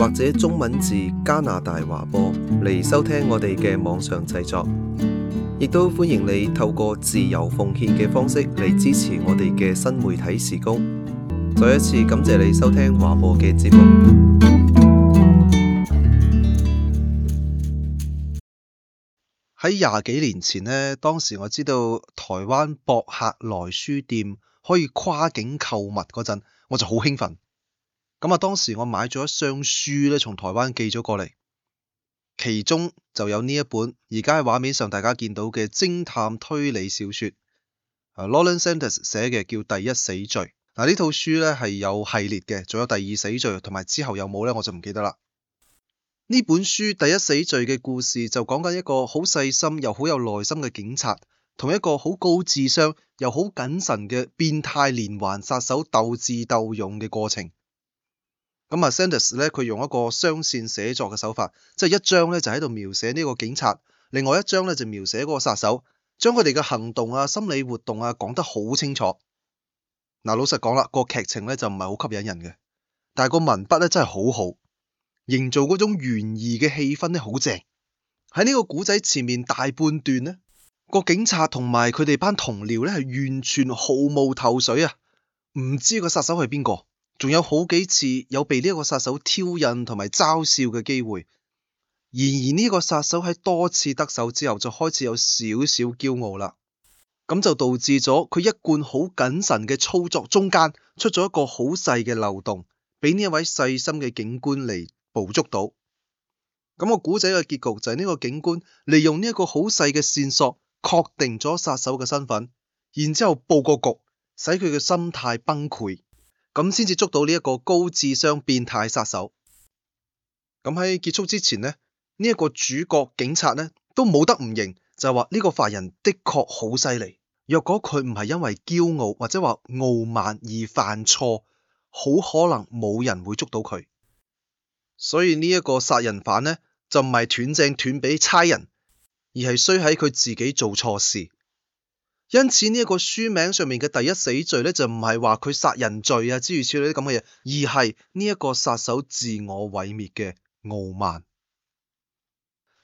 或者中文字加拿大華播嚟，收聽我哋嘅網上製作，亦都歡迎你透過自由奉獻嘅方式嚟支持我哋嘅新媒體事工。再一次感謝你收聽華播嘅節目。喺廿幾年前呢，當時我知道台灣博客來書店可以跨境購物嗰陣，我就好興奮。咁啊，當時我買咗一箱書呢，從台灣寄咗過嚟，其中就有呢一本，而家喺畫面上大家見到嘅偵探推理小說，Lawrence Sanders 寫嘅叫《第一死罪》。嗱，呢套書呢係有系列嘅，仲有第二死罪，同埋之後有冇呢？我就唔記得啦。呢本書《第一死罪》嘅故事就講緊一個好細心又好有耐心嘅警察，同一個好高智商又好謹慎嘅變態連環殺手鬥智鬥勇嘅過程。咁啊 Sanders 咧，佢用一個雙線寫作嘅手法，即係一章咧就喺度描寫呢個警察，另外一章咧就描寫嗰個殺手，將佢哋嘅行動啊、心理活動啊講得好清楚。嗱、呃，老實講啦，這個劇情咧就唔係好吸引人嘅，但係個文筆咧真係好好，營造嗰種懸疑嘅氣氛咧好正。喺呢個古仔前面大半段呢，個警察同埋佢哋班同僚咧係完全毫無頭緒啊，唔知個殺手係邊個。仲有好幾次有被呢一個殺手挑釁同埋嘲笑嘅機會，然而呢個殺手喺多次得手之後，就開始有少少驕傲啦。咁就導致咗佢一貫好謹慎嘅操作中間出咗一個好細嘅漏洞，俾呢位細心嘅警官嚟捕捉到。咁個古仔嘅結局就係呢個警官利用呢一個好細嘅線索，確定咗殺手嘅身份，然之後布個局，使佢嘅心態崩潰。咁先至捉到呢一個高智商變態殺手。咁喺結束之前咧，呢一個主角警察咧都冇得唔認，就話呢個犯人的確好犀利。若果佢唔係因為驕傲或者話傲慢而犯錯，好可能冇人會捉到佢。所以呢一個殺人犯呢，就唔係斷正斷俾差人，而係衰喺佢自己做錯事。因此呢一個書名上面嘅第一死罪咧，就唔係話佢殺人罪啊，諸如此類啲咁嘅嘢，而係呢一個殺手自我毀滅嘅傲慢。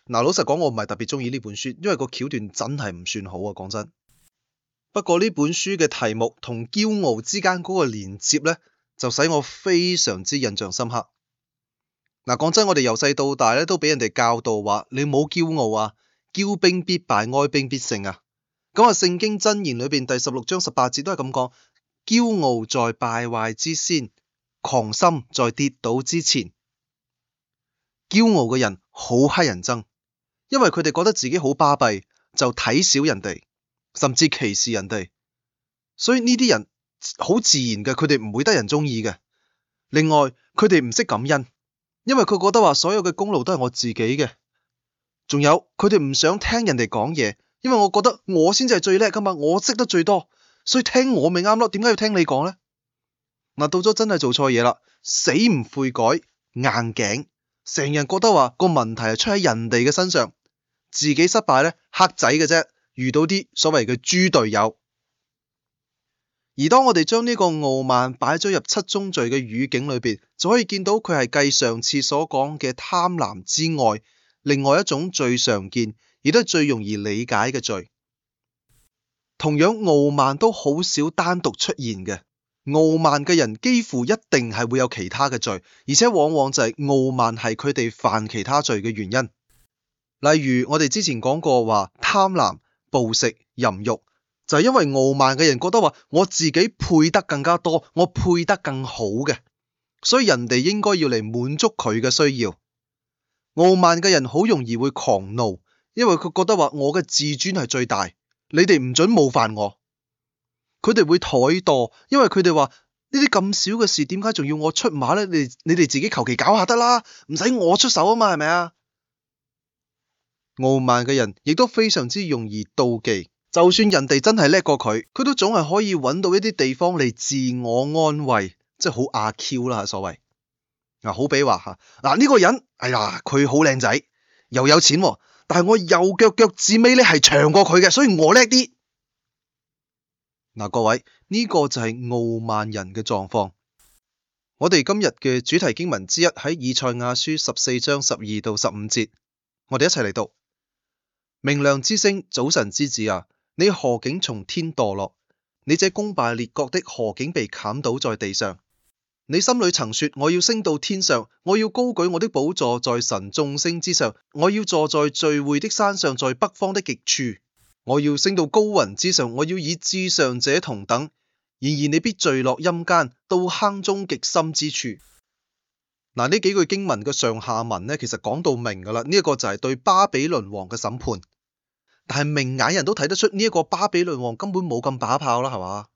嗱，老實講，我唔係特別中意呢本書，因為個橋段真係唔算好啊。講真，不過呢本書嘅題目同驕傲之間嗰個連接咧，就使我非常之印象深刻。嗱，講真，我哋由細到大咧都俾人哋教導話：「你冇驕傲啊，驕兵必敗，哀兵必勝啊。講下聖經箴言，裏邊第十六章十八節都係咁講：驕傲在敗壞之先，狂心在跌倒之前。驕傲嘅人好乞人憎，因為佢哋覺得自己好巴閉，就睇小人哋，甚至歧視人哋。所以呢啲人好自然嘅，佢哋唔會得人中意嘅。另外，佢哋唔識感恩，因為佢覺得話所有嘅功勞都係我自己嘅。仲有，佢哋唔想聽人哋講嘢。因為我覺得我先至係最叻噶嘛，我識得最多，所以聽我咪啱咯。點解要聽你講呢？嗱，到咗真係做錯嘢啦，死唔悔改，硬頸，成日覺得話個問題係出喺人哋嘅身上，自己失敗咧，黑仔嘅啫。遇到啲所謂嘅豬隊友。而當我哋將呢個傲慢擺咗入七宗罪嘅語境裏邊，就可以見到佢係繼上次所講嘅貪婪之外，另外一種最常見。亦都最容易理解嘅罪，同樣傲慢都好少單獨出現嘅。傲慢嘅人幾乎一定係會有其他嘅罪，而且往往就係傲慢係佢哋犯其他罪嘅原因。例如我哋之前講過話，貪婪、暴食、淫慾，就係因為傲慢嘅人覺得話我自己配得更加多，我配得更好嘅，所以人哋應該要嚟滿足佢嘅需要。傲慢嘅人好容易會狂怒。因為佢覺得話我嘅自尊係最大，你哋唔准冒犯我。佢哋會怠惰，因為佢哋話呢啲咁小嘅事，點解仲要我出馬呢？你你哋自己求其搞下得啦，唔使我出手啊嘛，係咪啊？傲慢嘅人亦都非常之容易妒忌，就算人哋真係叻過佢，佢都總係可以揾到一啲地方嚟自我安慰，即係好阿 Q 啦，所謂嗱，好比話吓，嗱，這，呢個人，哎呀，佢好靚仔，又有錢，啊。但係我右腳腳趾尾呢係長過佢嘅，所以我叻啲。嗱、啊，各位呢、呢個就係傲慢人嘅狀況。我哋今日嘅主題經文之一喺以賽亞書十四章十二到十五節，我哋一齊嚟讀。明亮之星，早晨之子啊！你何竟從天墮落？你這攻敗列國的何竟被砍倒在地上？你心裏曾說：我要升到天上，我要高舉我的寶座在神眾星之上，我要坐在聚會的山上，在北方的極處。我要升到高雲之上，我要以至上者同等。然而你必墜落陰間，到坑中極深之處。嗱，呢幾句經文嘅上下文呢，其實講到明噶啦。呢、這、一個就係對巴比倫王嘅審判。但係明眼人都睇得出呢一個巴比倫王根本冇咁把炮啦，係嘛？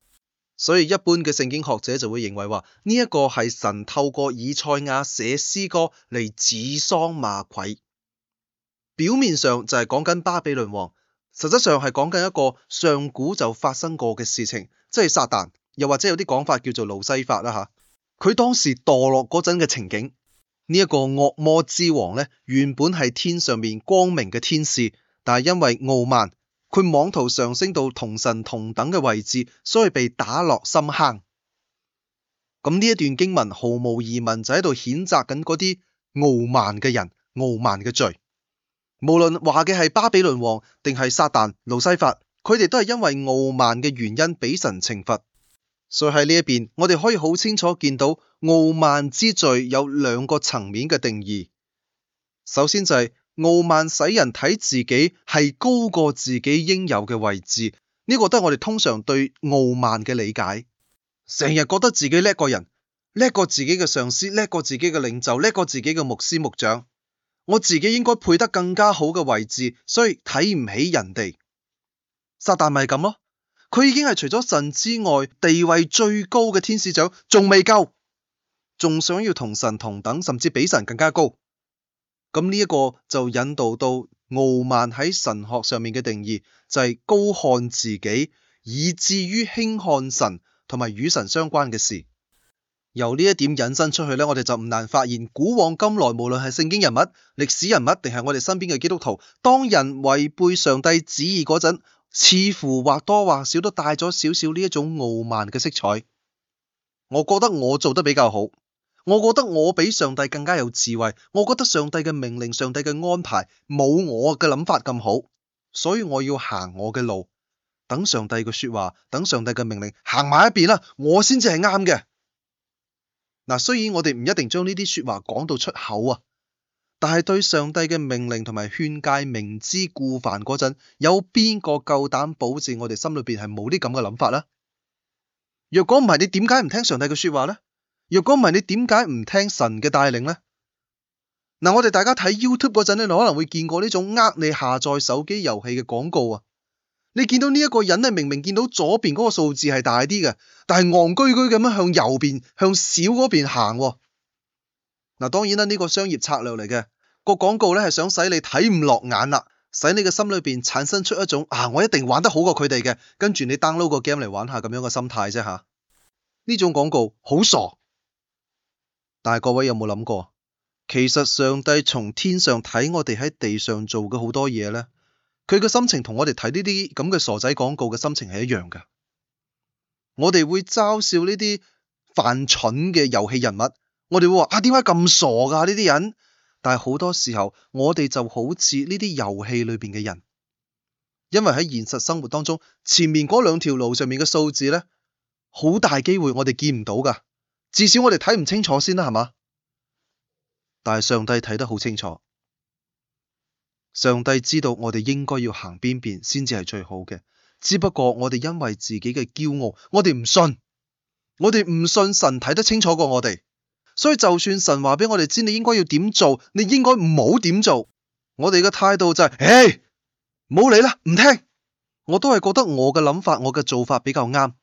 所以一般嘅聖經學者就會認為話呢一個係神透過以賽亞寫詩歌嚟指桑罵槐，表面上就係講緊巴比倫王，實質上係講緊一個上古就發生過嘅事情，即係撒旦，又或者有啲講法叫做路西法啦嚇。佢當時墮落嗰陣嘅情景，呢一個惡魔之王呢，原本係天上面光明嘅天使，但係因為傲慢。佢妄圖上升到同神同等嘅位置，所以被打落深坑。咁呢一段經文毫無疑問就喺度譴責緊嗰啲傲慢嘅人、傲慢嘅罪。無論話嘅係巴比倫王定係撒旦、路西法，佢哋都係因為傲慢嘅原因俾神懲罰。所以喺呢一邊，我哋可以好清楚見到傲慢之罪有兩個層面嘅定義。首先就係、是。傲慢使人睇自己係高過自己應有嘅位置，呢個都係我哋通常對傲慢嘅理解。成日覺得自己叻過人，叻過自己嘅上司，叻過自己嘅領袖，叻過自己嘅牧師牧長。我自己應該配得更加好嘅位置，所以睇唔起人哋。撒旦咪咁咯？佢已經係除咗神之外地位最高嘅天使長，仲未夠，仲想要同神同等，甚至比神更加高。咁呢一個就引導到傲慢喺神學上面嘅定義，就係高看自己，以至於輕看神同埋與神相關嘅事。由呢一點引申出去，呢我哋就唔難發現，古往今來無論係聖經人物、歷史人物，定係我哋身邊嘅基督徒，當人違背上帝旨意嗰陣，似乎或多或少都帶咗少少呢一種傲慢嘅色彩。我覺得我做得比較好。我覺得我比上帝更加有智慧，我覺得上帝嘅命令、上帝嘅安排冇我嘅諗法咁好，所以我要行我嘅路，等上帝嘅說話，等上帝嘅命令行埋一邊啦，我先至係啱嘅。嗱，雖然我哋唔一定將呢啲說話講到出口啊，但係對上帝嘅命令同埋勸誡明知故犯嗰陣，有邊個夠膽保證我哋心裏邊係冇啲咁嘅諗法呢？若果唔係，你點解唔聽上帝嘅說話呢？若果唔係，你點解唔聽神嘅帶領呢？嗱，我哋大家睇 YouTube 嗰陣咧，你可能會見過呢種呃你下載手機遊戲嘅廣告啊。你見到呢一個人咧，明明見到左邊嗰個數字係大啲嘅，但係戇居居咁樣向右邊向小嗰邊行。嗱，當然啦，呢個商業策略嚟嘅，個廣告咧，係想使你睇唔落眼啦，使你嘅心裏邊產生出一種啊，我一定玩得好過佢哋嘅，跟住你 download 個 game 嚟玩下咁樣嘅心態啫吓。呢種廣告好傻。但係各位有冇諗過，其實上帝從天上睇我哋喺地上做嘅好多嘢咧，佢嘅心情同我哋睇呢啲咁嘅傻仔廣告嘅心情係一樣噶。我哋會嘲笑呢啲犯蠢嘅遊戲人物，我哋會話啊，點解咁傻噶呢啲人？但係好多時候我哋就好似呢啲遊戲裏邊嘅人，因為喺現實生活當中，前面嗰兩條路上面嘅數字咧，好大機會我哋見唔到噶。至少我哋睇唔清楚先啦，係嘛？但係上帝睇得好清楚，上帝知道我哋應該要行邊邊先至係最好嘅。只不過我哋因為自己嘅驕傲，我哋唔信，我哋唔信神睇得清楚過我哋。所以就算神話俾我哋知，你應該要點做，你應該唔好點做，我哋嘅態度就係、是，唉，冇理啦，唔聽。我都係覺得我嘅諗法，我嘅做法比較啱。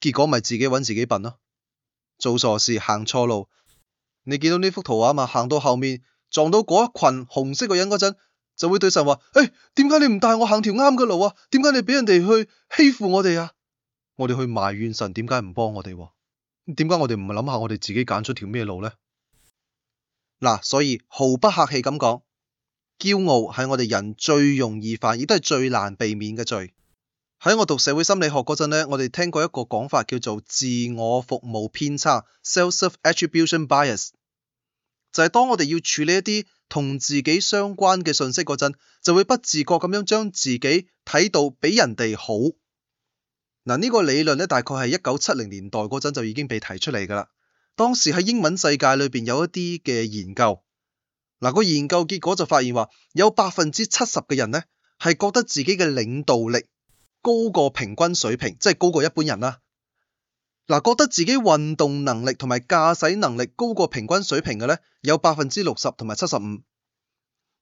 結果咪自己搵自己笨咯、啊，做傻事，行錯路。你見到呢幅圖畫、啊、嘛？行到後面撞到嗰一群紅色嘅人嗰陣，就會對神話：哎，點解你唔帶我行條啱嘅路啊？點解你俾人哋去欺負我哋啊？我哋去埋怨神點解唔幫我哋？點解我哋唔諗下我哋自己揀出條咩路咧？嗱、啊，所以毫不客氣咁講，驕傲係我哋人最容易犯，亦都係最難避免嘅罪。喺我讀社會心理學嗰陣咧，我哋聽過一個講法叫做自我服務偏差 s e l f s e r attribution bias），就係當我哋要處理一啲同自己相關嘅信息嗰陣，就會不自覺咁樣將自己睇到比人哋好。嗱、這、呢個理論咧，大概係一九七零年代嗰陣就已經被提出嚟噶啦。當時喺英文世界裏邊有一啲嘅研究，嗱個研究結果就發現話，有百分之七十嘅人呢，係覺得自己嘅領導力。高過平均水平，即係高過一般人啦。嗱、啊，覺得自己運動能力同埋駕駛能力高過平均水平嘅呢，有百分之六十同埋七十五，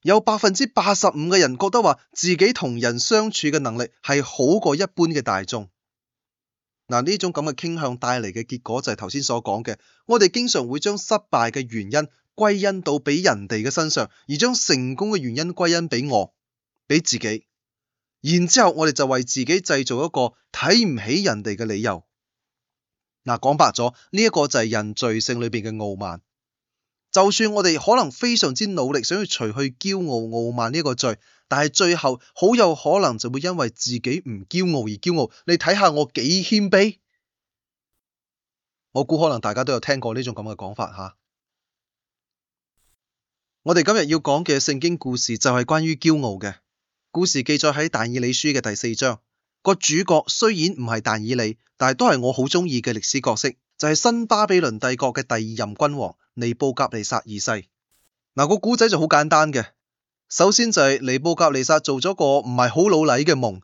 有百分之八十五嘅人覺得話自己同人相處嘅能力係好過一般嘅大眾。嗱、啊，呢種咁嘅傾向帶嚟嘅結果就係頭先所講嘅，我哋經常會將失敗嘅原因歸因到俾人哋嘅身上，而將成功嘅原因歸因俾我，俾自己。然之後我哋就為自己製造一個睇唔起人哋嘅理由。嗱，講白咗，呢一個就係人罪性裏邊嘅傲慢。就算我哋可能非常之努力，想要除去驕傲傲慢呢一個罪，但係最後好有可能就會因為自己唔驕傲而驕傲。你睇下我幾謙卑，我估可能大家都有聽過呢種咁嘅講法吓。我哋今日要講嘅聖經故事就係關於驕傲嘅。故事記載喺《但以理書》嘅第四章，個主角雖然唔係但以理，但係都係我好中意嘅歷史角色，就係新巴比倫帝國嘅第二任君王尼布甲尼撒二世。嗱，個古仔就好簡單嘅，首先就係尼布甲尼撒做咗個唔係好老利嘅夢，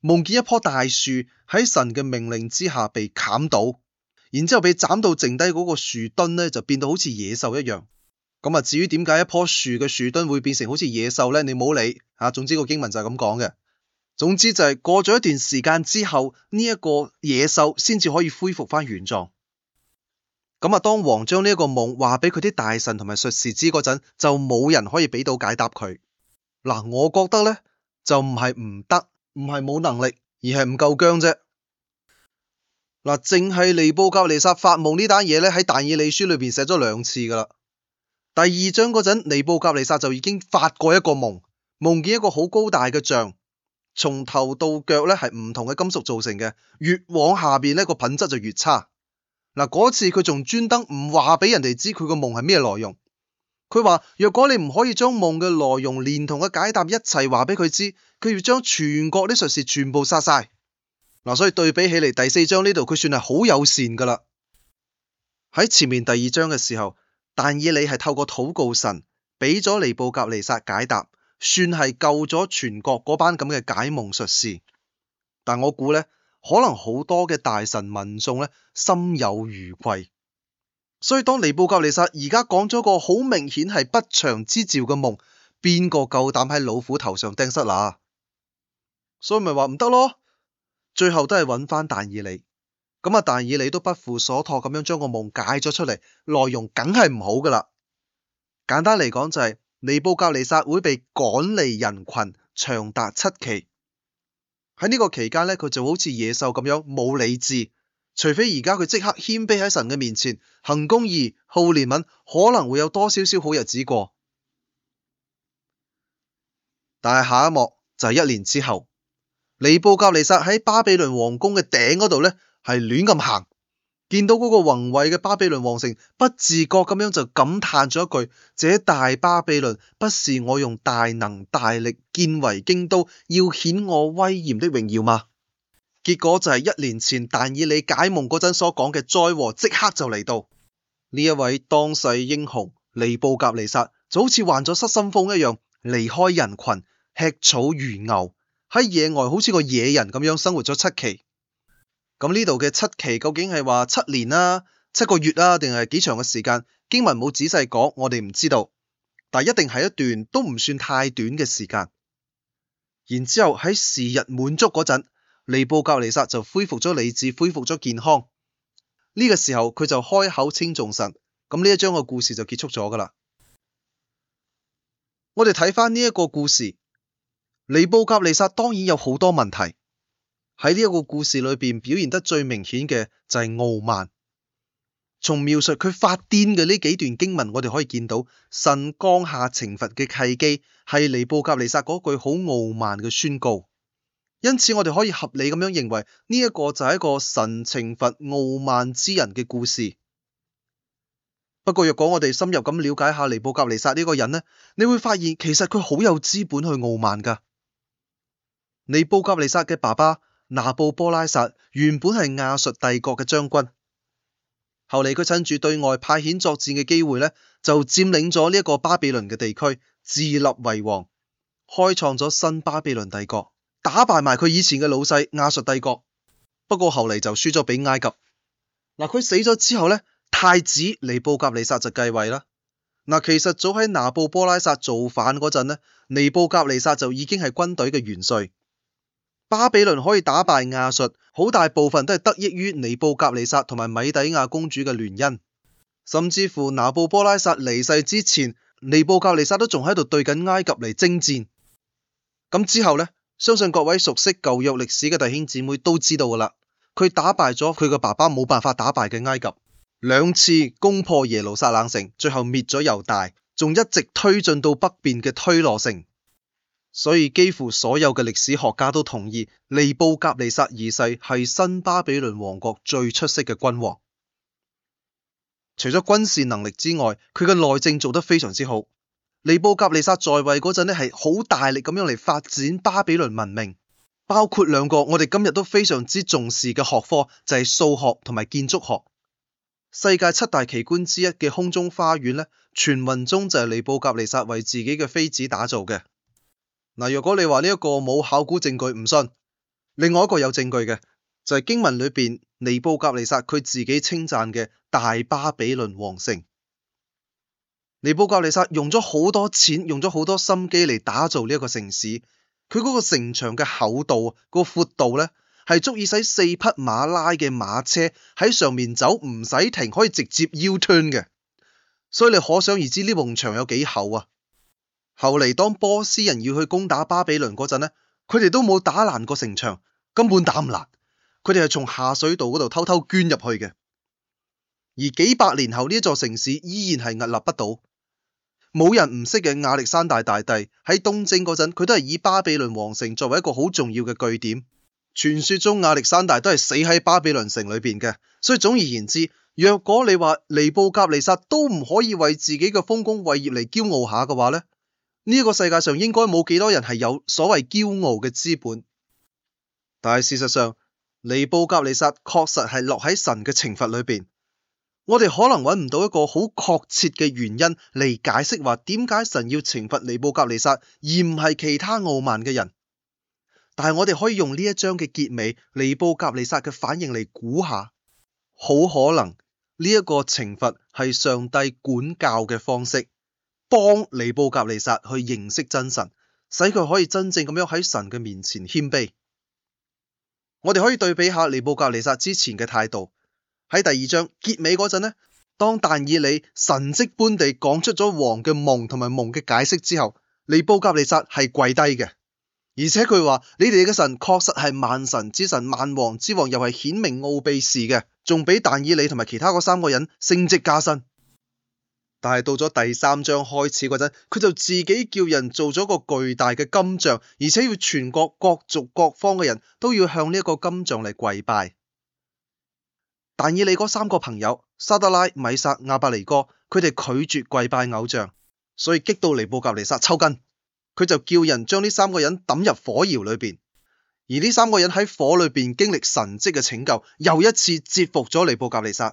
夢見一棵大樹喺神嘅命令之下被砍倒，然之後被斬到剩低嗰個樹墩咧，就變到好似野獸一樣。咁啊，至於點解一棵樹嘅樹墩會變成好似野獸咧？你冇理吓。總之個經文就係咁講嘅。總之就係過咗一段時間之後，呢、這、一個野獸先至可以恢復翻原狀。咁啊，當王將呢一個夢話俾佢啲大臣同埋術士知嗰陣，就冇人可以俾到解答佢。嗱，我覺得咧就唔係唔得，唔係冇能力，而係唔夠薑啫。嗱，淨係尼布甲尼撒發夢呢單嘢咧，喺但以理書裏邊寫咗兩次噶啦。第二章嗰陣，尼布甲尼撒就已經發過一個夢，夢見一個好高大嘅像，從頭到腳咧係唔同嘅金屬造成嘅，越往下邊呢個品質就越差。嗱，嗰次佢仲專登唔話俾人哋知佢個夢係咩內容，佢話：若果你唔可以將夢嘅內容連同嘅解答一齊話俾佢知，佢要將全國啲術士全部殺晒。嗱，所以對比起嚟，第四章呢度，佢算係好友善噶啦。喺前面第二章嘅時候。但以理係透過禱告神，俾咗尼布甲尼撒解答，算係救咗全國嗰班咁嘅解夢術士。但我估呢，可能好多嘅大臣民眾呢，心有餘悸。所以當尼布甲尼撒而家講咗個好明顯係不祥之兆嘅夢，邊個夠膽喺老虎頭上釘蝨乸？所以咪話唔得咯，最後都係搵翻但以理。咁啊！但以理都不負所託咁樣將個夢解咗出嚟，內容梗係唔好噶啦。簡單嚟講就係、是、尼布甲尼撒會被趕離人群，長達七期。喺呢個期間呢，佢就好似野獸咁樣冇理智，除非而家佢即刻謙卑喺神嘅面前行公義、好憐憫，可能會有多少少好日子過。但係下一幕就係一年之後，尼布甲尼撒喺巴比倫皇宮嘅頂嗰度呢。係亂咁行，見到嗰個宏偉嘅巴比倫王城，不自覺咁樣就感嘆咗一句：這大巴比倫不是我用大能大力建為京都，要顯我威嚴的榮耀嗎？結果就係一年前，但以理解夢嗰陣所講嘅災禍，即刻就嚟到。呢一位當世英雄尼布甲尼撒，就好似患咗失心瘋一樣，離開人群，吃草如牛，喺野外好似個野人咁樣生活咗七期。咁呢度嘅七期究竟係話七年啦，啊、七個月啦、啊，定係幾長嘅時間？經文冇仔細講，我哋唔知道，但一定係一段都唔算太短嘅時間。然之後喺時日滿足嗰陣，尼布甲尼撒就恢復咗理智，恢復咗健康。呢、這個時候佢就開口稱頌神。咁呢一章嘅故事就結束咗噶啦。我哋睇返呢一個故事，尼布甲尼撒當然有好多問題。喺呢一個故事裏邊表現得最明顯嘅就係傲慢。從描述佢發癲嘅呢幾段經文，我哋可以見到神降下懲罰嘅契機係尼布甲尼撒嗰句好傲慢嘅宣告。因此我哋可以合理咁樣認為呢一個就係一個神懲罰傲慢之人嘅故事。不過若果我哋深入咁了解下尼布甲尼撒呢個人呢，你會發現其實佢好有資本去傲慢噶。尼布甲尼撒嘅爸爸。拿布波拉撒原本係亞述帝國嘅將軍，後嚟佢趁住對外派遣作戰嘅機會呢就佔領咗呢一個巴比倫嘅地區，自立為王，開創咗新巴比倫帝國，打敗埋佢以前嘅老細亞述帝國。不過後嚟就輸咗俾埃及。嗱，佢死咗之後呢太子尼布甲尼撒就繼位啦。嗱，其實早喺拿布波拉撒造反嗰陣呢尼布甲尼撒就已經係軍隊嘅元帥。巴比倫可以打敗亞述，好大部分都係得益於尼布甲尼撒同埋米底亞公主嘅聯姻，甚至乎拿布波拉撒離世之前，尼布甲尼撒都仲喺度對緊埃及嚟征戰。咁之後呢，相信各位熟悉舊約歷史嘅弟兄姊妹都知道噶啦，佢打敗咗佢嘅爸爸冇辦法打敗嘅埃及，兩次攻破耶路撒冷城，最後滅咗猶大，仲一直推進到北邊嘅推羅城。所以幾乎所有嘅歷史學家都同意，尼布甲尼撒二世係新巴比倫王國最出色嘅君王。除咗軍事能力之外，佢嘅內政做得非常之好。尼布甲尼撒在位嗰陣呢，係好大力咁樣嚟發展巴比倫文明，包括兩個我哋今日都非常之重視嘅學科，就係數學同埋建築學。世界七大奇觀之一嘅空中花園呢，傳聞中就係尼布甲尼撒為自己嘅妃子打造嘅。嗱，如果你話呢一個冇考古證據唔信，另外一個有證據嘅就係、是、經文裏邊尼布甲尼撒佢自己稱讚嘅大巴比倫王城。尼布甲尼撒用咗好多錢，用咗好多心機嚟打造呢一個城市。佢個城牆嘅厚度、個闊度呢，係足以使四匹馬拉嘅馬車喺上面走唔使停，可以直接腰吞嘅。所以你可想而知呢埲牆有幾厚啊！後嚟當波斯人要去攻打巴比倫嗰陣呢，佢哋都冇打爛個城牆，根本打唔爛。佢哋係從下水道嗰度，偷偷捐入去嘅。而幾百年後呢一座城市依然係屹立不倒。冇人唔識嘅亞歷山大大帝喺東征嗰陣，佢都係以巴比倫皇城作為一個好重要嘅據點。傳說中亞歷山大都係死喺巴比倫城裏邊嘅。所以總而言之，若果你話尼布甲尼撒都唔可以為自己嘅豐功偉業嚟驕傲下嘅話呢。呢一個世界上應該冇幾多人係有所謂驕傲嘅資本，但係事實上尼布甲尼撒確實係落喺神嘅懲罰裏邊。我哋可能揾唔到一個好確切嘅原因嚟解釋話點解神要懲罰尼布甲尼撒，而唔係其他傲慢嘅人。但係我哋可以用呢一章嘅結尾尼布甲尼撒嘅反應嚟估下，好可能呢一個懲罰係上帝管教嘅方式。幫尼布甲尼撒去認識真神，使佢可以真正咁樣喺神嘅面前謙卑。我哋可以對比下尼布甲尼撒之前嘅態度。喺第二章結尾嗰陣咧，當但以理神跡般地講出咗王嘅夢同埋夢嘅解釋之後，尼布甲尼撒係跪低嘅，而且佢話：你哋嘅神確實係萬神之神、萬王之王，又係顯明奧秘事嘅，仲俾但以理同埋其他嗰三個人升職加薪。但係到咗第三章開始嗰陣，佢就自己叫人做咗個巨大嘅金像，而且要全國各族各方嘅人都要向呢一個金像嚟跪拜。但以理嗰三個朋友沙得拉、米煞、亞伯尼哥，佢哋拒絕跪拜偶像，所以激到尼布甲尼撒抽筋，佢就叫人將呢三個人抌入火窯裏邊。而呢三個人喺火裏邊經歷神跡嘅拯救，又一次折服咗尼布甲尼撒。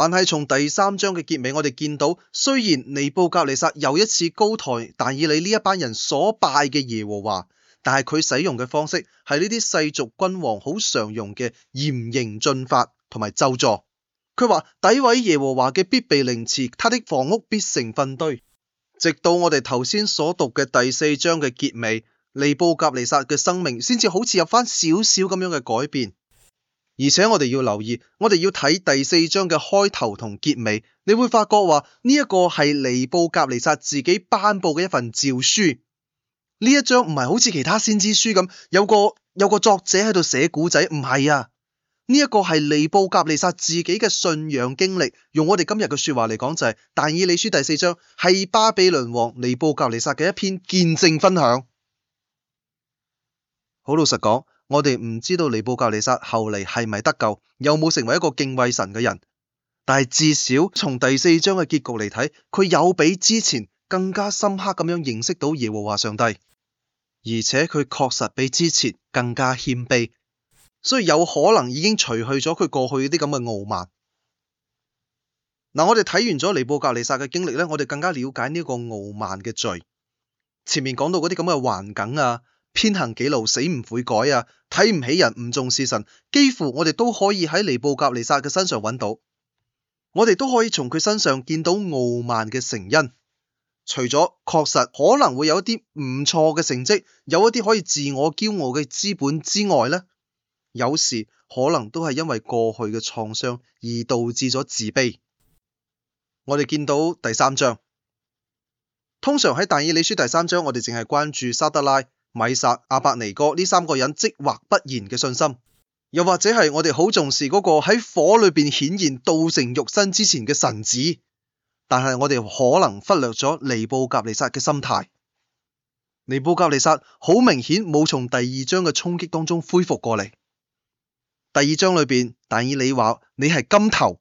但係從第三章嘅結尾我，我哋見到雖然尼布甲尼撒又一次高抬，但以理呢一班人所拜嘅耶和華，但係佢使用嘅方式係呢啲世俗君王好常用嘅嚴刑峻法同埋咒詛。佢話詆毀耶和華嘅必被凌遲，他的房屋必成糞堆。直到我哋頭先所讀嘅第四章嘅結尾，尼布甲尼撒嘅生命先至好似有翻少少咁樣嘅改變。而且我哋要留意，我哋要睇第四章嘅開頭同結尾，你會發覺話呢一個係尼布甲尼撒自己頒布嘅一份詔書。呢一章唔係好似其他先知書咁，有個有個作者喺度寫古仔，唔係啊，呢、這、一個係尼布甲尼撒自己嘅信仰經歷。用我哋今日嘅說話嚟講，就係，就係但以理書第四章係巴比倫王尼布甲尼撒嘅一篇見證分享。好老實講。我哋唔知道尼布甲尼撒後嚟係咪得救，有冇成為一個敬畏神嘅人？但係至少從第四章嘅結局嚟睇，佢有比之前更加深刻咁樣認識到耶和華上帝，而且佢確實比之前更加謙卑，所以有可能已經除去咗佢過去啲咁嘅傲慢。嗱、嗯，我哋睇完咗尼布甲尼撒嘅經歷咧，我哋更加了解呢個傲慢嘅罪。前面講到嗰啲咁嘅環境啊，偏行己路，死唔悔改啊。睇唔起人，唔重視神，幾乎我哋都可以喺尼布甲尼撒嘅身上揾到，我哋都可以從佢身上見到傲慢嘅成因。除咗確實可能會有一啲唔錯嘅成績，有一啲可以自我驕傲嘅資本之外呢，有時可能都係因為過去嘅創傷而導致咗自卑。我哋見到第三章，通常喺但以理書第三章，我哋淨係關注沙得拉、米撒、阿伯尼哥呢三個人即或不然嘅信心，又或者係我哋好重視嗰個喺火裏邊顯現道成肉身之前嘅神子，但係我哋可能忽略咗尼布甲尼撒嘅心態。尼布甲尼撒好明顯冇從第二章嘅衝擊當中恢復過嚟。第二章裏邊，但以理話：你係金頭，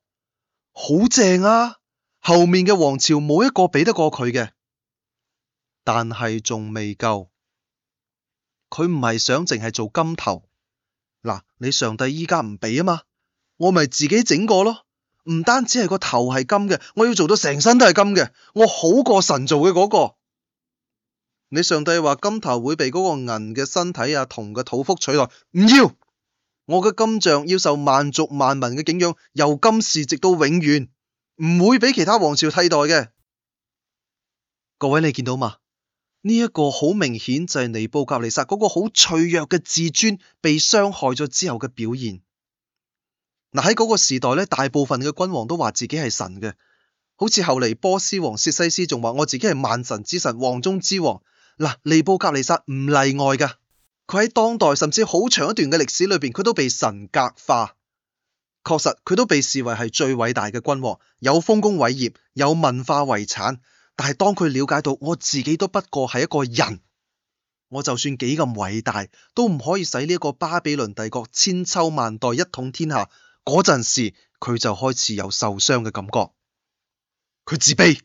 好正啊！後面嘅王朝冇一個比得過佢嘅，但係仲未夠。佢唔係想淨係做金頭，嗱，你上帝依家唔俾啊嘛，我咪自己整過咯。唔單止係個頭係金嘅，我要做到成身都係金嘅，我好過神做嘅嗰個。你上帝話金頭會被嗰個銀嘅身體啊、銅嘅肚腹取代，唔要，我嘅金像要受萬族萬民嘅敬仰，由今時直到永遠，唔會俾其他王朝替代嘅。各位你見到嘛？呢一個好明顯就係尼布甲尼撒嗰個好脆弱嘅自尊被傷害咗之後嘅表現。嗱，喺嗰個時代咧，大部分嘅君王都話自己係神嘅，好似後嚟，波斯王薛西斯仲話我自己係萬神之神、王中之王。嗱，尼布甲尼撒唔例外噶佢喺當代甚至好長一段嘅歷史裏邊，佢都被神格化。確實佢都被視為係最偉大嘅君王，有豐功偉業，有文化遺產。但係當佢了解到我自己都不過係一個人，我就算幾咁偉大，都唔可以使呢個巴比倫帝國千秋萬代一統天下。嗰陣時佢就開始有受傷嘅感覺，佢自卑，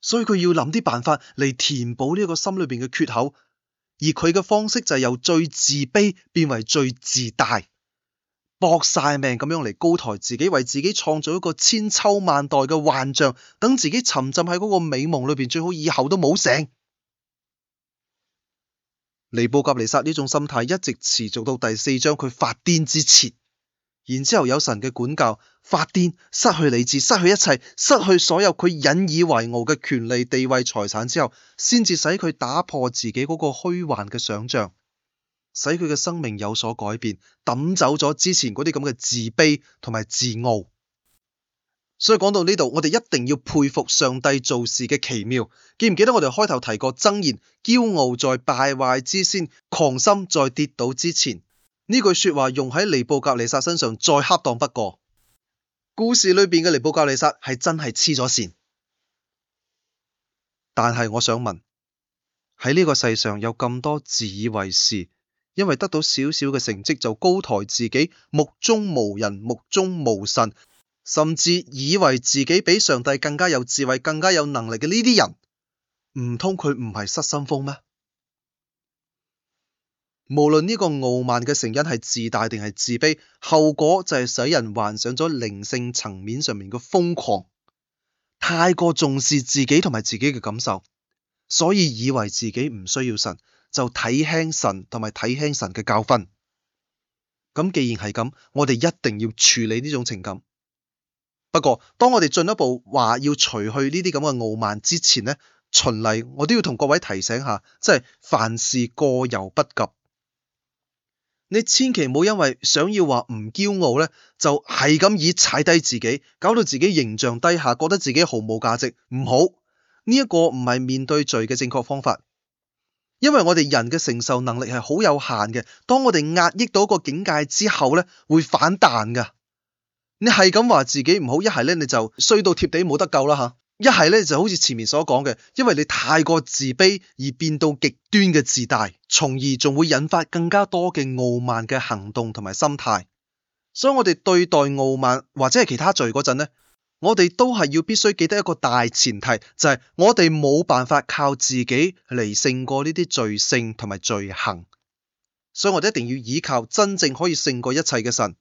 所以佢要諗啲辦法嚟填補呢個心裏面嘅缺口。而佢嘅方式就係由最自卑變為最自大。搏晒命咁樣嚟高抬自己，為自己創造一個千秋萬代嘅幻象，等自己沉浸喺嗰個美夢裏邊，最好以後都冇醒。尼布甲尼撒呢種心態一直持續到第四章佢發癲之前，然之後有神嘅管教，發癲，失去理智，失去一切，失去所有佢引以為傲嘅權利、地位、財產之後，先至使佢打破自己嗰個虛幻嘅想象。使佢嘅生命有所改變，抌走咗之前嗰啲咁嘅自卑同埋自傲。所以講到呢度，我哋一定要佩服上帝做事嘅奇妙。記唔記得我哋開頭提過曾，箴言驕傲在敗壞之先，狂心在跌倒之前，呢句說話用喺尼布甲尼撒身上再恰當不過。故事裏邊嘅尼布甲尼撒係真係黐咗線，但係我想問，喺呢個世上有咁多自以為是。因為得到少少嘅成績就高抬自己，目中無人，目中無神，甚至以為自己比上帝更加有智慧，更加有能力嘅呢啲人，唔通佢唔係失心風咩？無論呢個傲慢嘅成因係自大定係自卑，後果就係使人患上咗靈性層面上面嘅瘋狂，太過重視自己同埋自己嘅感受，所以以為自己唔需要神。就睇輕神同埋睇輕神嘅教訓。咁既然係咁，我哋一定要處理呢種情感。不過當我哋進一步話要除去呢啲咁嘅傲慢之前呢，循例我都要同各位提醒下，即係凡事過猶不及。你千祈唔好因為想要話唔驕傲呢，就係咁以踩低自己，搞到自己形象低下，覺得自己毫無價值，唔好，呢一個唔係面對罪嘅正確方法。因為我哋人嘅承受能力係好有限嘅。當我哋壓抑到個境界之後咧，會反彈噶你係咁話自己唔好，一係咧你就衰到貼地冇得救啦吓，一係咧就好似前面所講嘅，因為你太過自卑而變到極端嘅自大，從而仲會引發更加多嘅傲慢嘅行動同埋心態。所以我哋對待傲慢或者係其他罪嗰陣咧，我哋都係要必須記得一個大前提，就係、是、我哋冇辦法靠自己嚟勝過呢啲罪性同埋罪行，所以我哋一定要依靠真正可以勝過一切嘅神，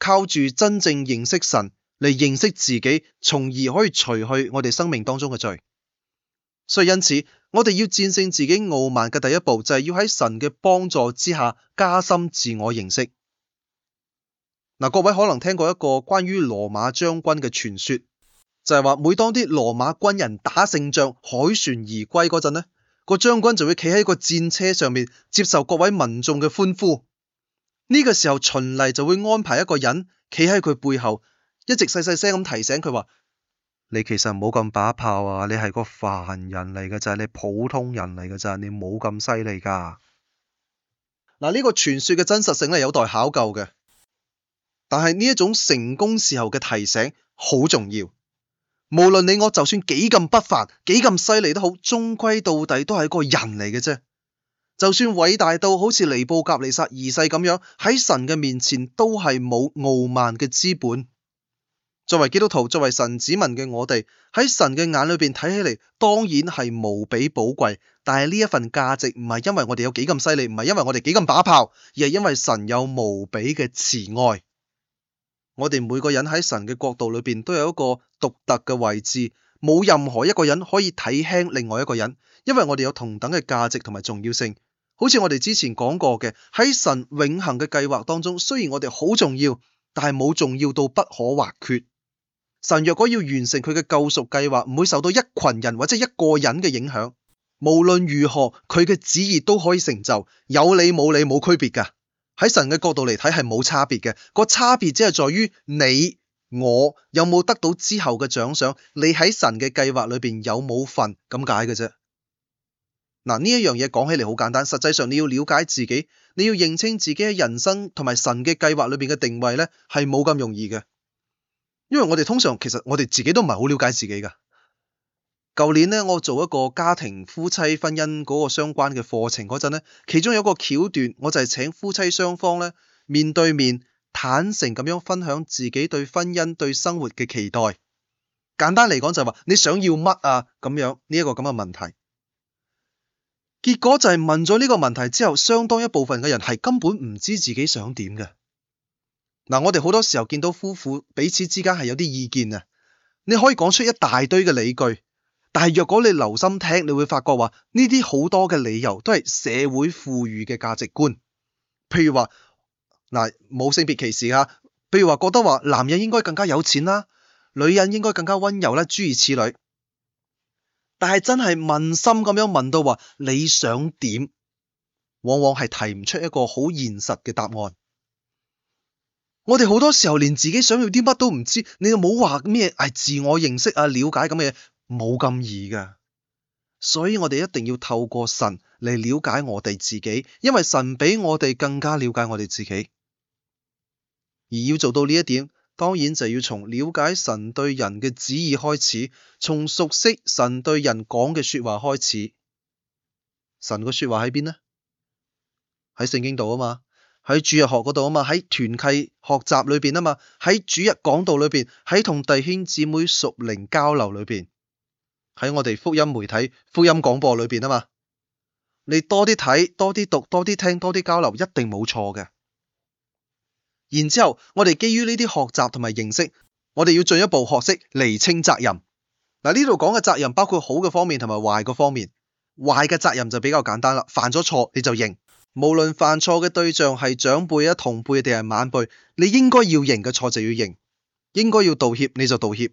靠住真正認識神嚟認識自己，從而可以除去我哋生命當中嘅罪。所以因此，我哋要戰勝自己傲慢嘅第一步，就係、是、要喺神嘅幫助之下加深自我認識。嗱，各位可能聽過一個關於羅馬將軍嘅傳說，就係話每當啲羅馬軍人打勝仗、凱旋而歸嗰陣，呢個將軍就會企喺個戰車上面接受各位民眾嘅歡呼。呢個時候，秦禮就會安排一個人企喺佢背後，一直細細聲咁提醒佢話，你其實冇咁把炮啊，你係個凡人嚟嘅，就係你普通人嚟嘅咋，你冇咁犀利噶嗱，呢個傳說嘅真實性咧，有待考究嘅。但係呢一種成功時候嘅提醒好重要。無論你我，就算幾咁不凡、幾咁犀利都好，終歸到底都係一個人嚟嘅啫。就算偉大到好似尼布甲尼撒二世咁樣，喺神嘅面前都係冇傲慢嘅資本。作為基督徒，作為神子民嘅我哋，喺神嘅眼裏邊睇起嚟，當然係無比寶貴。但係呢一份價值唔係因為我哋有幾咁犀利，唔係因為我哋幾咁把炮，而係因為神有無比嘅慈愛。我哋每個人喺神嘅角度裏邊都有一個獨特嘅位置，冇任何一個人可以睇輕另外一個人，因為我哋有同等嘅價值同埋重要性。好似我哋之前講過嘅，喺神永恒嘅計劃當中，雖然我哋好重要，但係冇重要到不可或缺。神若果要完成佢嘅救贖計劃，唔會受到一群人或者一個人嘅影響。無論如何，佢嘅旨意都可以成就，有你冇你冇區別噶。喺神嘅角度嚟睇，係冇差別嘅。個差別只係在於你我有冇得到之後嘅獎賞，你喺神嘅計劃裏邊有冇份咁解嘅啫。嗱、這個，呢一樣嘢講起嚟好簡單，實際上你要了解自己，你要認清自己喺人生同埋神嘅計劃裏邊嘅定位咧，係冇咁容易嘅。因為我哋通常其實我哋自己都唔係好了解自己噶。舊年呢，我做一個家庭夫妻婚姻嗰個相關嘅課程嗰陣呢，其中有一個橋段，我就係請夫妻雙方呢，面對面坦誠咁樣分享自己對婚姻對生活嘅期待。簡單嚟講就係話，你想要乜啊？咁樣呢一個咁嘅問題，結果就係問咗呢個問題之後，相當一部分嘅人係根本唔知自己想點嘅。嗱，我哋好多時候見到夫婦彼此之間係有啲意見啊，你可以講出一大堆嘅理據。但係若果你留心聽，你會發覺話，呢啲好多嘅理由都係社會賦予嘅價值觀。譬如話嗱，冇性別歧視啊，譬如話覺得話男人應該更加有錢啦、啊，女人應該更加溫柔啦、啊，諸如此類。但係真係問心咁樣問到話你想點，往往係提唔出一個好現實嘅答案。我哋好多時候連自己想要啲乜都唔知，你又冇話咩誒自我認識啊了解咁嘅嘢。冇咁易噶，所以我哋一定要透過神嚟了解我哋自己，因為神比我哋更加了解我哋自己。而要做到呢一點，當然就要從了解神對人嘅旨意開始，從熟悉神對人講嘅說話開始。神嘅說話喺邊呢？喺聖經度啊嘛，喺主日學嗰度啊嘛，喺團契學習裏邊啊嘛，喺主日講道裏邊，喺同弟兄姊妹熟靈交流裏邊。喺我哋福音媒體、福音廣播裏面啊嘛，你多啲睇、多啲讀、多啲聽、多啲交流，一定冇錯嘅。然之後，我哋基於呢啲學習同埋認識，我哋要進一步學識厘清責任。嗱，呢度講嘅責任包括好嘅方面同埋壞嘅方面。壞嘅責任就比較簡單啦，犯咗錯你就認，無論犯錯嘅對象係長輩啊、同輩定係晚輩，你應該要認嘅錯就要認，應該要道歉你就道歉。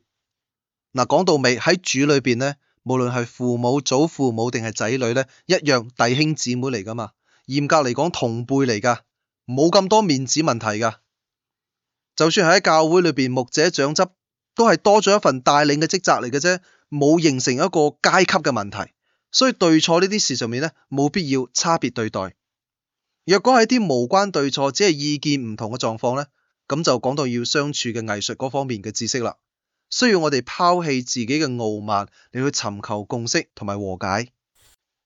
嗱，講到尾喺主裏邊咧，無論係父母、祖父母定係仔女咧，一樣弟兄姊妹嚟噶嘛。嚴格嚟講，同輩嚟噶，冇咁多面子問題噶。就算係喺教會裏邊，牧者長執都係多咗一份帶領嘅職責嚟嘅啫，冇形成一個階級嘅問題。所以對錯呢啲事上面咧，冇必要差別對待。若果喺啲無關對錯，只係意見唔同嘅狀況咧，咁就講到要相處嘅藝術嗰方面嘅知識啦。需要我哋拋棄自己嘅傲慢，嚟去尋求共識同埋和解。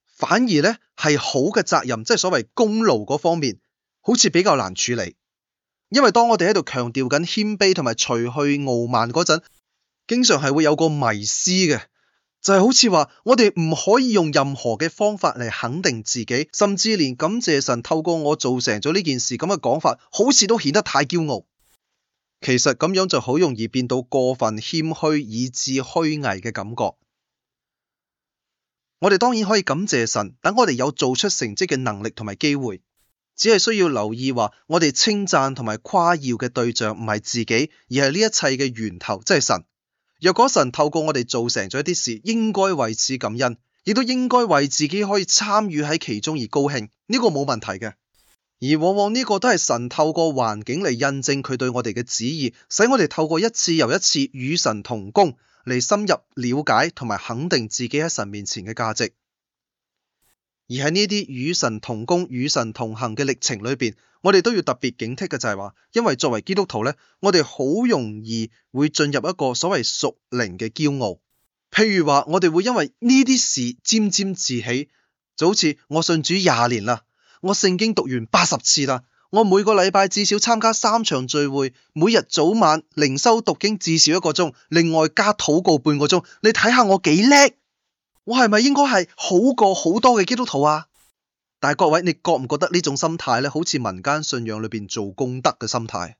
反而咧係好嘅責任，即係所謂功勞嗰方面，好似比較難處理。因為當我哋喺度強調緊謙卑同埋除去傲慢嗰陣，經常係會有個迷思嘅，就係好似話我哋唔可以用任何嘅方法嚟肯定自己，甚至連感謝神透過我做成咗呢件事咁嘅講法，好似都顯得太驕傲。其實咁樣就好容易變到過分謙虛以致虛偽嘅感覺。我哋當然可以感謝神，等我哋有做出成績嘅能力同埋機會，只係需要留意話，我哋稱讚同埋誇耀嘅對象唔係自己，而係呢一切嘅源頭，即係神。若果神透過我哋做成咗一啲事，應該為此感恩，亦都應該為自己可以參與喺其中而高興，呢個冇問題嘅。而往往呢個都係神透過環境嚟印證佢對我哋嘅旨意，使我哋透過一次又一次與神同工，嚟深入了解同埋肯定自己喺神面前嘅價值。而喺呢啲與神同工、與神同行嘅歷程裏邊，我哋都要特別警惕嘅就係話，因為作為基督徒呢，我哋好容易會進入一個所謂屬靈嘅驕傲。譬如話我哋會因為呢啲事沾沾自喜，就好似我信主廿年啦。我聖經讀完八十次啦，我每個禮拜至少參加三場聚會，每日早晚靈修讀經至少一個鐘，另外加禱告半個鐘。你睇下我幾叻，我係咪應該係好過好多嘅基督徒啊？但係各位，你覺唔覺得呢種心態咧，好似民間信仰裏邊做功德嘅心態，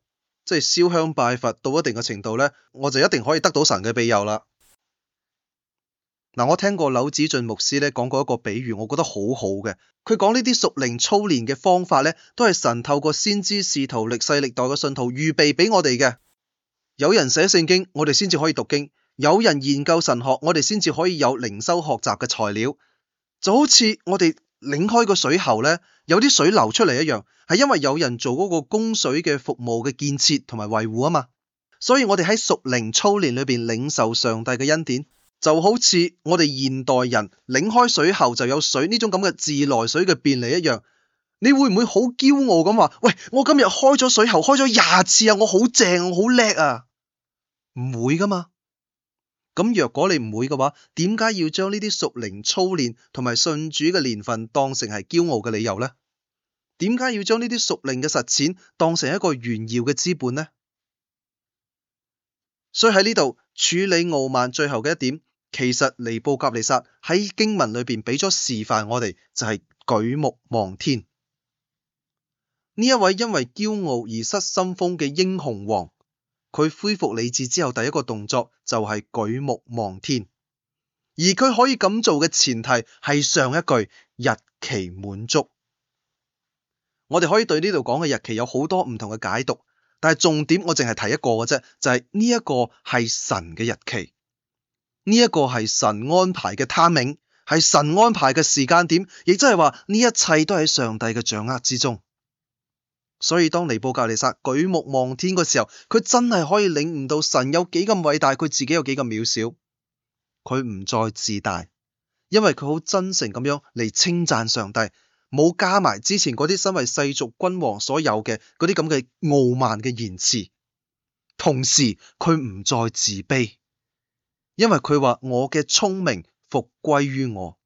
即係燒香拜佛到一定嘅程度咧，我就一定可以得到神嘅庇佑啦？嗱，我聽過柳子俊牧師咧講過一個比喻，我覺得好好嘅。佢講呢啲屬靈操練嘅方法咧，都係神透過先知使徒歷世歷代嘅信徒預備俾我哋嘅。有人寫聖經，我哋先至可以讀經；有人研究神學，我哋先至可以有靈修學習嘅材料。就好似我哋擰開個水喉咧，有啲水流出嚟一樣，係因為有人做嗰個供水嘅服務嘅建設同埋維護啊嘛。所以我哋喺屬靈操練裏邊領受上帝嘅恩典。就好似我哋現代人擰開水喉就有水呢種咁嘅自來水嘅便利一樣，你會唔會好驕傲咁話？喂，我今日開咗水喉開咗廿次啊，我好正，我好叻啊！唔會噶嘛？咁若果你唔會嘅話，點解要將呢啲屬靈操練同埋信主嘅年份當成係驕傲嘅理由呢？點解要將呢啲屬靈嘅實踐當成一個炫耀嘅資本呢？所以喺呢度處理傲慢最後嘅一點。其實尼布甲尼撒喺經文裏邊俾咗示範我哋，就係舉目望天。呢一位因為驕傲而失心瘋嘅英雄王，佢恢復理智之後第一個動作就係舉目望天。而佢可以咁做嘅前提係上一句日期滿足。我哋可以對呢度講嘅日期有好多唔同嘅解讀，但係重點我淨係提一個嘅啫，就係呢一個係神嘅日期。呢一個係神安排嘅 timing，係神安排嘅時間點，亦即係話呢一切都喺上帝嘅掌握之中。所以當尼布甲尼撒舉目望天嘅時候，佢真係可以領悟到神有幾咁偉大，佢自己有幾咁渺小。佢唔再自大，因為佢好真誠咁樣嚟稱讚上帝，冇加埋之前嗰啲身為世俗君王所有嘅嗰啲咁嘅傲慢嘅言辭。同時佢唔再自卑。因為佢話，我嘅聰明復歸於我，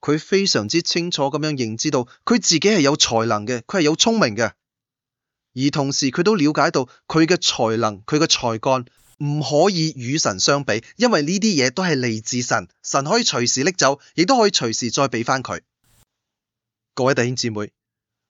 佢非常之清楚咁樣認知到佢自己係有才能嘅，佢係有聰明嘅，而同時佢都了解到佢嘅才能、佢嘅才幹唔可以與神相比，因為呢啲嘢都係嚟自神，神可以隨時拎走，亦都可以隨時再俾翻佢。各位弟兄姊妹。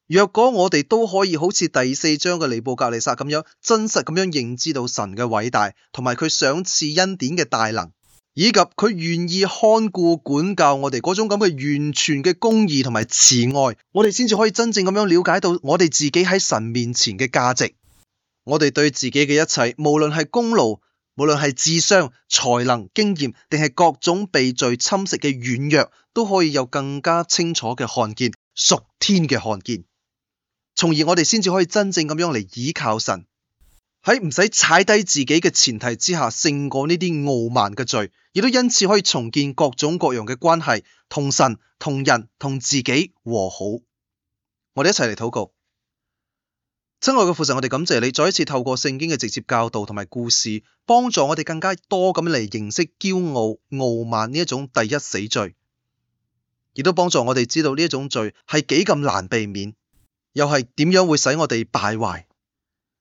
若果我哋都可以好似第四章嘅尼布甲尼撒咁樣真實咁樣認知到神嘅偉大，同埋佢賞賜恩典嘅大能，以及佢願意看顧管教我哋嗰種咁嘅完全嘅公義同埋慈愛，我哋先至可以真正咁樣了解到我哋自己喺神面前嘅價值。我哋對自己嘅一切，無論係功勞，無論係智商、才能、經驗，定係各種被罪侵蝕嘅軟弱，都可以有更加清楚嘅看見，屬天嘅看見。從而我哋先至可以真正咁樣嚟倚靠神，喺唔使踩低自己嘅前提之下勝過呢啲傲慢嘅罪，亦都因此可以重建各種各樣嘅關係，同神、同人、同自己和好。我哋一齊嚟禱告，親愛嘅父神，我哋感謝你再一次透過聖經嘅直接教導同埋故事，幫助我哋更加多咁嚟認識驕傲、傲慢呢一種第一死罪，亦都幫助我哋知道呢一種罪係幾咁難避免。又係點樣會使我哋敗壞？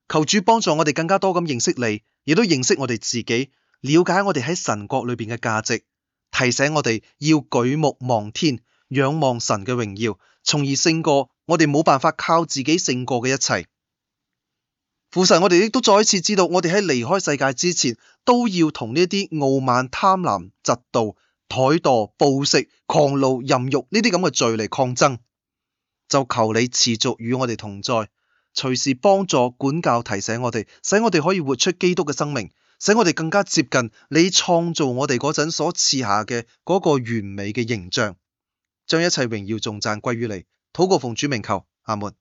求主幫助我哋更加多咁認識你，亦都認識我哋自己，了解我哋喺神國裏邊嘅價值，提醒我哋要舉目望天，仰望神嘅榮耀，從而勝過我哋冇辦法靠自己勝過嘅一切。父神，我哋亦都再一次知道，我哋喺離開世界之前，都要同呢啲傲慢、貪婪、嫉妒、怠惰、暴食、狂怒、淫慾呢啲咁嘅罪嚟抗爭。就求你持續與我哋同在，隨時幫助、管教、提醒我哋，使我哋可以活出基督嘅生命，使我哋更加接近你創造我哋嗰陣所賜下嘅嗰個完美嘅形象，將一切榮耀、頌讚歸於你。禱告奉主名求，阿門。